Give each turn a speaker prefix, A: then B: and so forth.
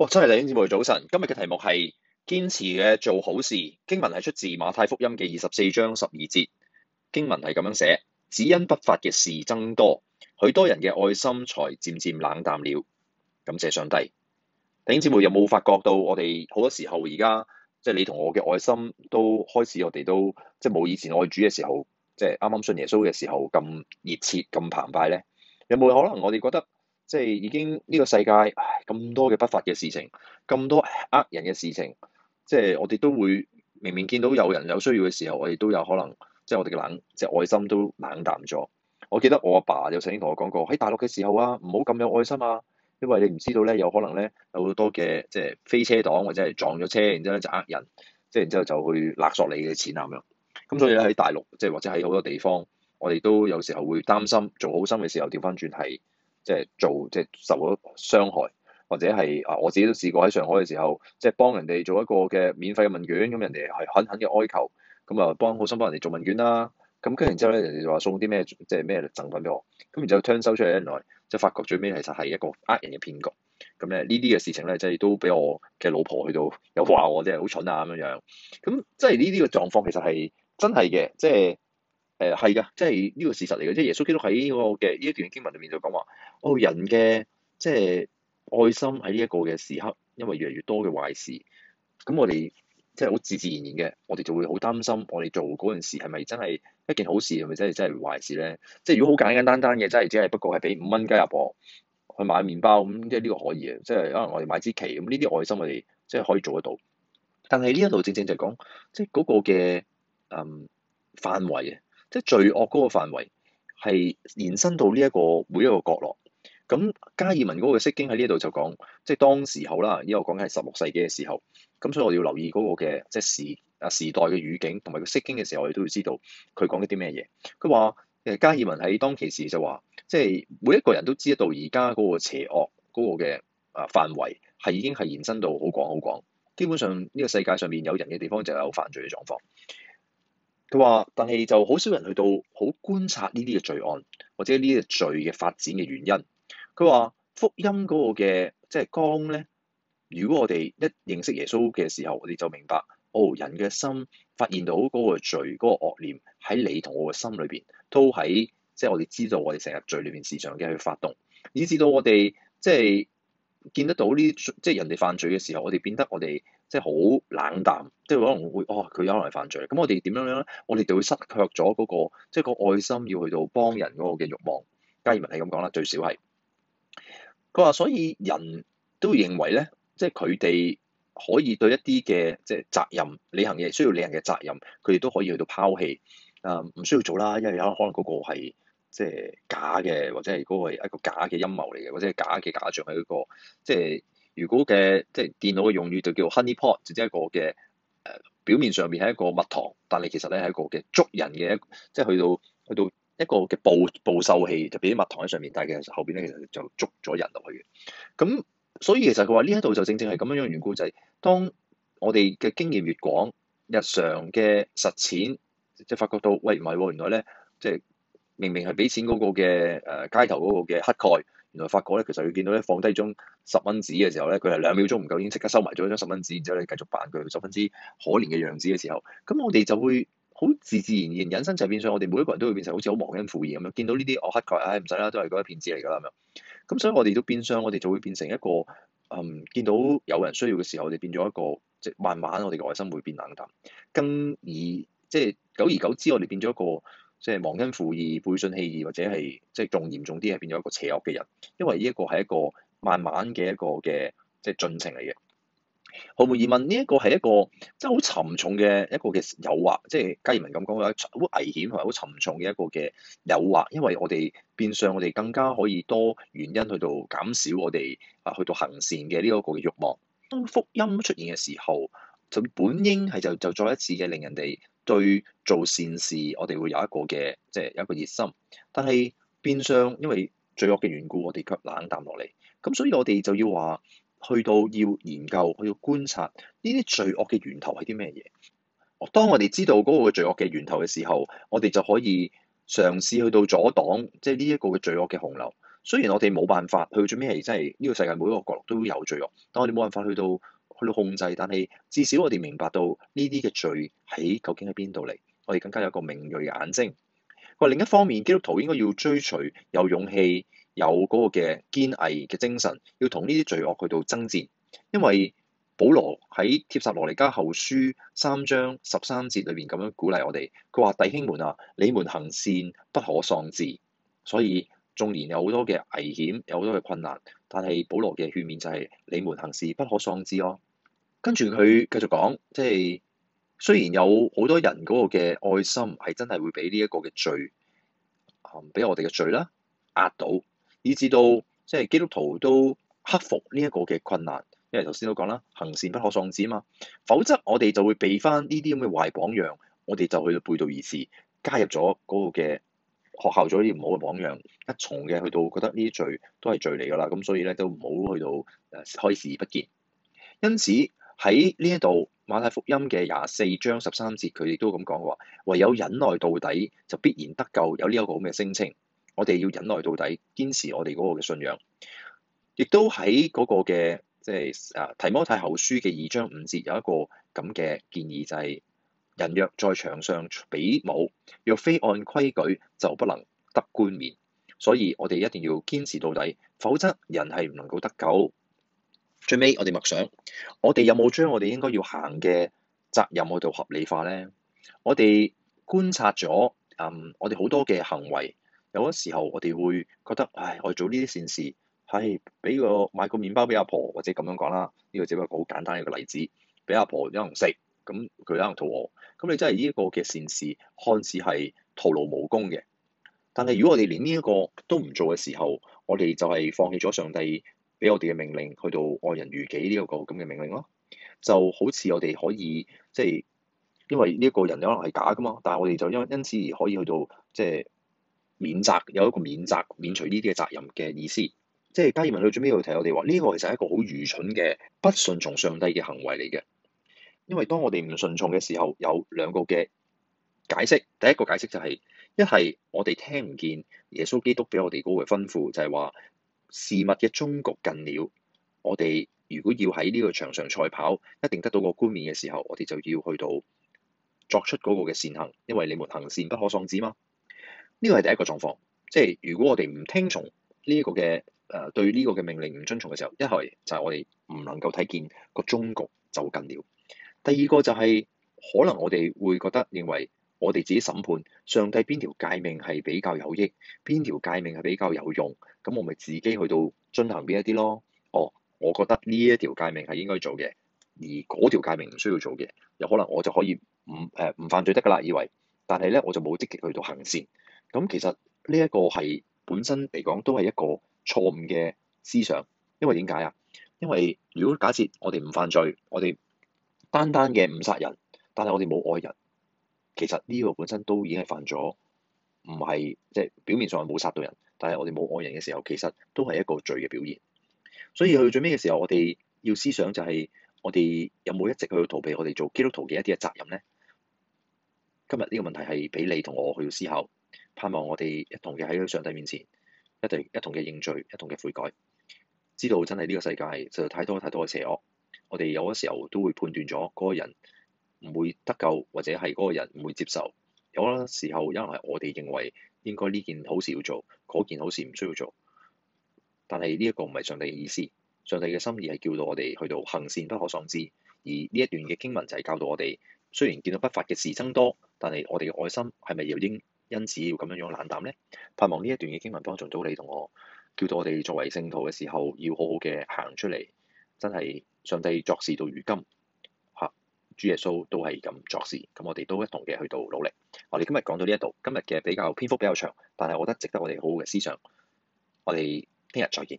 A: 哇、哦！真係弟兄姊妹早晨，今日嘅題目係堅持嘅做好事。經文係出自馬太福音嘅二十四章十二節。經文係咁樣寫：只因不法嘅事增多，許多人嘅愛心才漸漸冷淡了。感謝上帝。弟兄姊妹有冇發覺到我哋好多時候而家即係你同我嘅愛心都開始我哋都即係冇以前愛主嘅時候，即係啱啱信耶穌嘅時候咁熱切咁澎湃咧？有冇可能我哋覺得？即係已經呢個世界咁多嘅不法嘅事情，咁多呃人嘅事情，即係我哋都會明明見到有人有需要嘅時候，我哋都有可能即係我哋嘅冷，即係愛心都冷淡咗。我記得我阿爸有曾經同我講過，喺大陸嘅時候啊，唔好咁有愛心啊，因為你唔知道咧，有可能咧有好多嘅即係飛車黨或者係撞咗車，然之後就呃人，即係然之後就去勒索你嘅錢啊咁樣。咁所以喺大陸，即係或者喺好多地方，我哋都有時候會擔心做好心嘅時候，調翻轉係。即係做即係受咗傷害，或者係啊，我自己都試過喺上海嘅時候，即係幫人哋做一個嘅免費嘅問卷，咁人哋係狠狠嘅哀求，咁啊幫好心幫人哋做問卷啦，咁跟然之後咧，人哋就話送啲咩即係咩贈品俾我，咁然之後聽收出嚟嚟，來就發覺最尾其實係一個呃人嘅騙局，咁咧呢啲嘅事情咧，即係都俾我嘅老婆去到又話我即係，好蠢啊咁樣樣，咁即係呢啲嘅狀況其實係真係嘅，即係。誒係㗎，即係呢個事實嚟嘅。即係耶穌基督喺嗰個嘅呢一段經文裏面就講話：哦，人嘅即係愛心喺呢一個嘅時刻，因為越嚟越多嘅壞事咁，我哋即係好自自然然嘅，我哋就會好擔心我哋做嗰件事係咪真係一件好事，係咪真係真係壞事咧？即係如果好簡簡單單嘅，真係只係不過係俾五蚊雞阿婆去買麵包咁，即係呢個可以嘅，即係可能我哋買支旗咁呢啲愛心我，我哋即係可以做得到。但係呢一度正正就係講即係嗰個嘅嗯範圍嘅。即係罪惡嗰個範圍，係延伸到呢一個每一個角落。咁加爾文嗰個《釋經》喺呢度就講，即係當時候啦。因為我講緊係十六世紀嘅時候，咁所以我要留意嗰個嘅即係時啊時代嘅語境，同埋佢釋經嘅時候，我哋都要知道佢講緊啲咩嘢。佢話：，誒加爾文喺當其時就話，即係每一個人都知道，而家嗰個邪惡嗰個嘅啊範圍係已經係延伸到好廣好廣。基本上呢個世界上面有人嘅地方，就有犯罪嘅狀況。佢話，但係就好少人去到好觀察呢啲嘅罪案，或者呢啲罪嘅發展嘅原因。佢話，福音嗰個嘅即係光咧，如果我哋一認識耶穌嘅時候，我哋就明白，哦，人嘅心發現到嗰個罪、嗰個惡念喺你同我嘅心裏邊，都喺即係我哋知道我哋成日罪裏邊時常嘅去發動，以至到我哋即係見得到呢，即係人哋犯罪嘅時候，我哋變得我哋。即係好冷淡，即係可能會哦，佢有可能係犯罪。咁我哋點樣樣咧？我哋就會失卻咗嗰、那個，即係個愛心要去到幫人嗰個嘅欲望。加爾文係咁講啦，最少係佢話，所以人都認為咧，即係佢哋可以對一啲嘅即係責任、履行嘅需要履行嘅責任，佢哋都可以去到拋棄啊，唔、嗯、需要做啦，因為有可能可能嗰個係即係假嘅，或者係嗰個係一個假嘅陰謀嚟嘅，或者係假嘅假象喺一個即係。如果嘅即係電腦嘅用語就叫 honey pot，即係一個嘅誒、呃、表面上面係一個蜜糖，但係其實咧係一個嘅捉人嘅一，即係去到去到一個嘅捕捕獸器，就俾啲蜜糖喺上面，但係其實後邊咧其實就捉咗人落去嘅。咁所以其實佢話呢一度就正正係咁樣樣嘅緣故，就係當我哋嘅經驗越廣，日常嘅實踐即係發覺到，喂唔係喎，原來咧即係明明係俾錢嗰個嘅誒、呃、街頭嗰個嘅乞丐。原來發覺咧，其實佢見到咧放低張十蚊紙嘅時候咧，佢係兩秒鐘唔夠已經即刻收埋咗張十蚊紙，然之後咧繼續扮佢十分之可憐嘅樣子嘅時候，咁我哋就會好自自然然引申就變相，我哋每一個人都會變成好似好忘恩負義咁樣，見到呢啲惡乞丐，唉，唔使啦，都係嗰啲騙子嚟㗎啦咁樣。咁所以我哋都變相，我哋就會變成一個嗯，見到有人需要嘅時候，我哋變咗一個即係慢慢我哋個愛心會變冷淡，更而即係久而久之，我哋變咗一個。即係忘恩負義、背信棄義，或者係即係仲嚴重啲，係變咗一個邪惡嘅人。因為呢一個係一個慢慢嘅一個嘅即係進程嚟嘅。毫無疑問，呢一個係一個即係好沉重嘅一個嘅誘惑，即係加爾文咁講話好危險同埋好沉重嘅一個嘅誘惑。因為我哋變相我哋更加可以多原因去到減少我哋啊去到行善嘅呢一個嘅欲望。當福音出現嘅時候，就本應係就就再一次嘅令人哋。對做善事，我哋會有一個嘅，即係有一個熱心。但係變相因為罪惡嘅緣故，我哋卻冷淡落嚟。咁所以我哋就要話，去到要研究，去到觀察呢啲罪惡嘅源頭係啲咩嘢。當我哋知道嗰個罪惡嘅源頭嘅時候，我哋就可以嘗試去到阻擋，即係呢一個嘅罪惡嘅洪流。雖然我哋冇辦法，佢做咩？係真係呢個世界每一個角落都有罪惡，但我哋冇辦法去到。去到控制，但係至少我哋明白到呢啲嘅罪喺究竟喺邊度嚟，我哋更加有個敏銳嘅眼睛。佢話，另一方面，基督徒應該要追隨有勇氣、有嗰個嘅堅毅嘅精神，要同呢啲罪惡去到爭戰。因為保羅喺《帖撒羅尼加後書》三章十三節裏面咁樣鼓勵我哋，佢話弟兄們啊，你們行善不可喪志。所以縱然有好多嘅危險，有好多嘅困難，但係保羅嘅勸勉就係、是、你們行事不可喪志咯。跟住佢繼續講，即係雖然有好多人嗰個嘅愛心係真係會俾呢一個嘅罪，啊、嗯、俾我哋嘅罪啦壓到，以至到即係基督徒都克服呢一個嘅困難。因為頭先都講啦，行善不可喪志啊嘛，否則我哋就會避翻呢啲咁嘅壞榜樣，我哋就去到背道而馳，加入咗嗰個嘅學校咗啲唔好嘅榜樣一重嘅，去到覺得呢啲罪都係罪嚟㗎啦。咁所以咧都唔好去到誒，可以視而不見。因此，喺呢一度馬太福音嘅廿四章十三節，佢亦都咁講話，唯有忍耐到底，就必然得救，有呢一個咁嘅聲稱。我哋要忍耐到底，堅持我哋嗰個嘅信仰。亦都喺嗰個嘅即係啊提摩太後書嘅二章五節有一個咁嘅建議，就是，就係人若在場上比武，若非按規矩，就不能得冠冕。所以我哋一定要堅持到底，否則人係唔能夠得救。最尾，我哋默想，我哋有冇將我哋應該要行嘅責任去到合理化咧？我哋觀察咗，嗯，我哋好多嘅行為，有嗰時候我哋會覺得，唉，我做呢啲善事，係俾個買個麵包俾阿婆，或者咁樣講啦，呢個只不過好簡單一個例子，俾阿婆有嘢食，咁佢可能肚餓，咁你真係呢一個嘅善事看似係徒勞無功嘅。但係如果我哋連呢一個都唔做嘅時候，我哋就係放棄咗上帝。俾我哋嘅命令去到愛人如己呢個咁嘅命令咯，就好似我哋可以即係，因為呢個人有可能係假噶嘛，但係我哋就因因此而可以去到即係免責有一個免責免除呢啲嘅責任嘅意思。即係加爾文準備去最屘去提我哋話，呢個其實係一個好愚蠢嘅不順從上帝嘅行為嚟嘅。因為當我哋唔順從嘅時候，有兩個嘅解釋。第一個解釋就係、是、一係我哋聽唔見耶穌基督俾我哋嘅高嘅吩咐，就係、是、話。事物嘅終局近了，我哋如果要喺呢個場上賽跑，一定得到個冠冕嘅時候，我哋就要去到作出嗰個嘅善行，因為你們行善不可喪志嘛。呢個係第一個狀況，即係如果我哋唔聽從呢一個嘅誒對呢個嘅命令唔遵從嘅時候，一係就係我哋唔能夠睇見個終局就近了。第二個就係、是、可能我哋會覺得認為。我哋自己審判上帝邊條誡命係比較有益，邊條誡命係比較有用，咁我咪自己去到進行邊一啲咯？哦，我覺得呢一條誡命係應該做嘅，而嗰條誡命唔需要做嘅，有可能我就可以唔誒唔犯罪得㗎喇，以為，但係咧我就冇積極去到行善。咁其實呢一個係本身嚟講都係一個錯誤嘅思想，因為點解啊？因為如果假設我哋唔犯罪，我哋單單嘅唔殺人，但係我哋冇愛人。其實呢個本身都已經係犯咗，唔係即係表面上係冇殺到人，但係我哋冇愛人嘅時候，其實都係一個罪嘅表現。所以去最尾嘅時候，我哋要思想就係，我哋有冇一直去逃避我哋做基督徒嘅一啲嘅責任呢？今日呢個問題係俾你同我去思考，盼望我哋一同嘅喺上帝面前，一同一同嘅認罪，一同嘅悔改，知道真係呢個世界就太多太多嘅邪惡，我哋有嘅時候都會判斷咗嗰個人，唔會得救，或者係嗰個人唔會接受。有啲時候，可能係我哋認為應該呢件好事要做，嗰件好事唔需要做。但係呢一個唔係上帝嘅意思，上帝嘅心意係叫到我哋去到行善不可喪志。而呢一段嘅經文就係教到我哋，雖然見到不法嘅事增多，但係我哋嘅愛心係咪要因因此要咁樣樣冷淡呢？盼望呢一段嘅經文幫助到你同我，叫到我哋作為聖徒嘅時候，要好好嘅行出嚟。真係上帝作事到如今。主耶穌都係咁作事，咁我哋都一同嘅去到努力。我哋今日講到呢一度，今日嘅比較篇幅比較長，但係我覺得值得我哋好好嘅思想。我哋聽日再見。